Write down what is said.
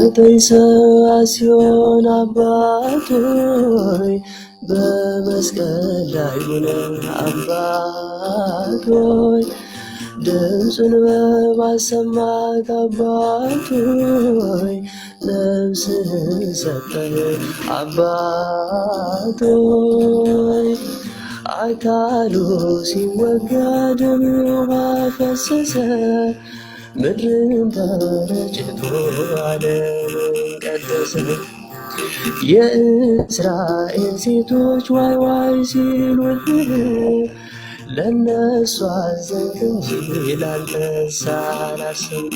ዘጠኝ ሰዋ ሲሆን አባት ሆይ በመስቀል ላይ ሆነ አባት ድምፁን በማሰማት አባቱ ሆይ ነፍስህን ሰጠን። አባቱ ሆይ አካሉ ሲወገድ ውሃ ፈሰሰ፣ ምድርን ተረጭቶ ዓለምን ቀደሰ። የእስራኤል ሴቶች ዋይ ዋይ ሲሉ ለነሱ አዘንግ ይላል ሳላስብ